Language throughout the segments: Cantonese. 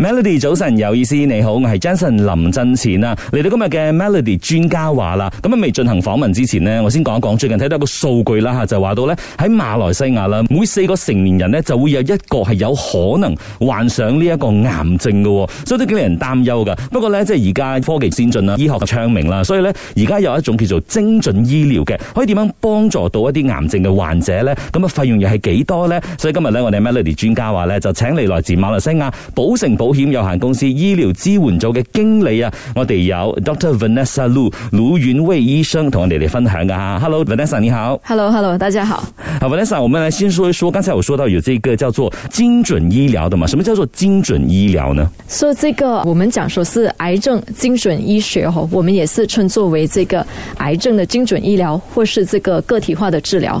Melody 早晨有意思，你好，我係 Jason 林振錢啦，嚟到今日嘅 Melody 專家話啦，咁啊未進行訪問之前咧，我先講一講最近睇到一個數據啦吓，就話到咧喺馬來西亞啦，每四個成年人咧就會有一個係有可能患上呢一個癌症嘅，所以都幾令人擔憂噶。不過呢，即係而家科技先進啦，醫學昌明啦，所以呢，而家有一種叫做精準醫療嘅，可以點樣幫助到一啲癌症嘅患者呢？咁啊費用又係幾多呢？所以今日呢，我哋 Melody 專家話呢，就請你來自馬來西亞保誠保。保險有限公司醫療支援組嘅經理啊，我哋有 Dr. Vanessa Lu 盧昀蔚醫生同我哋嚟分享噶，啊、吓。Hello，Vanessa 你好。Hello，Hello，hello，大家好。好，Vanessa，我們嚟先說一說，剛才我說到有這個叫做精準醫療的嘛，什麼叫做精準醫療呢？說、so，這個，我們講說是癌症精準醫學嗬，我們也是稱作為這個癌症的精準醫療，或是這個個體化的治療。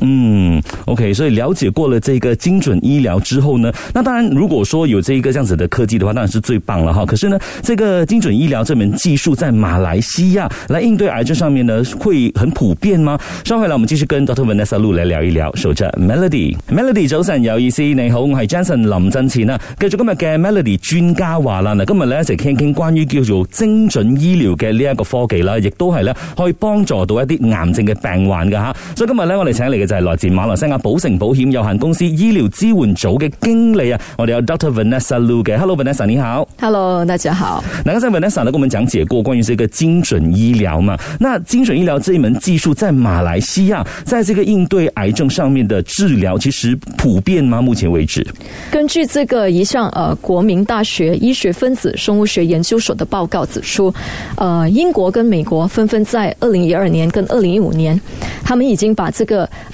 嗯，OK，所以了解過了這個精準醫療之後呢，那當然如果說有這一個這樣子的科技的話，當然是最棒了哈。可是呢，這個精準醫療這門技術在馬來西亞來應對癌症上面呢，會很普遍嗎？稍後呢我們繼續跟 Doctor Vanessa Lu 來聊一聊。守着 Melody，Melody 早晨，有意思，你好，我是 Jason 林振奇啊。繼續今日嘅 Melody 專家話啦，嗱，今日呢一齊傾傾關於叫做精準醫療嘅呢一個科技啦，亦都係咧可以幫助到一啲癌症嘅病患嘅吓。所以今日呢我哋請嚟嘅。在來自馬來西亞保誠保險有限公司醫療支援組嘅經理啊！我哋有 Dr. Vanessa Lu 嘅，Hello Vanessa，你好，Hello 大家好。那剛才 Vanessa 呢，跟我們講解過關於這個精準醫療嘛。那精準醫療這一門技術，在馬來西亞，在這個應對癌症上面的治療，其實普遍嗎？目前為止，根據這個一項，呃，國民大學醫學分子生物學研究所的報告指出，呃，英國跟美國紛紛在二零一二年跟二零一五年，他們已經把這個。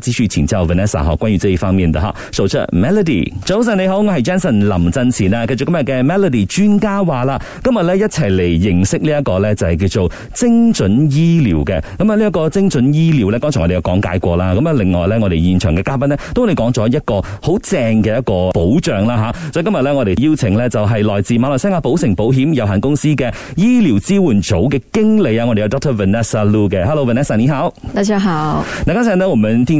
之前請教 Vanessa 哈，關於這一方面的哈。首先 Melody，早晨你好，我係 Jason 林振前啦。繼續今日嘅 Melody 專家話啦，今日咧一齊嚟認識呢一個咧就係、是、叫做精準醫療嘅。咁啊呢一個精準醫療咧，剛才我哋有講解過啦。咁啊另外咧，我哋現場嘅嘉賓呢，都我哋講咗一個好正嘅一個保障啦吓。所以今日咧，我哋邀請咧就係來自馬來西亞保誠保險有限公司嘅醫療支援組嘅經理啊，我哋有 Doctor Vanessa Lu 嘅。Hello Vanessa，你好。大家好。嗱，加上呢，我們聽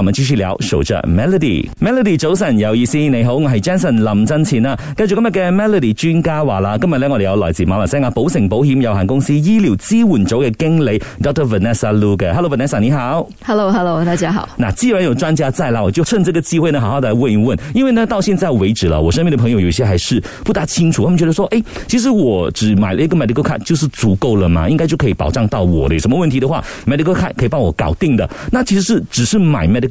我們繼續聊守着 Melody。Melody 早晨，有意思。你好，我是 Jenson 林真前啊。跟住今日嘅 Melody 專家話啦，今日呢，我哋有來自馬來西亞保誠保險有限公司醫療支援組嘅經理 Dr. Vanessa Loo。Hello Vanessa，你好。Hello Hello，大家好。那既然有專家在啦，我就趁這個機會呢，好好的問一問。因為呢，到現在為止啦，我身邊的朋友有些還是不大清楚。他們覺得說，誒，其實我只買了一個 Medical Card，就是足夠了嘛，應該就可以保障到我的。有什麼問題的話，Medical Card 可以幫我搞定的。那其實是只是買 Medical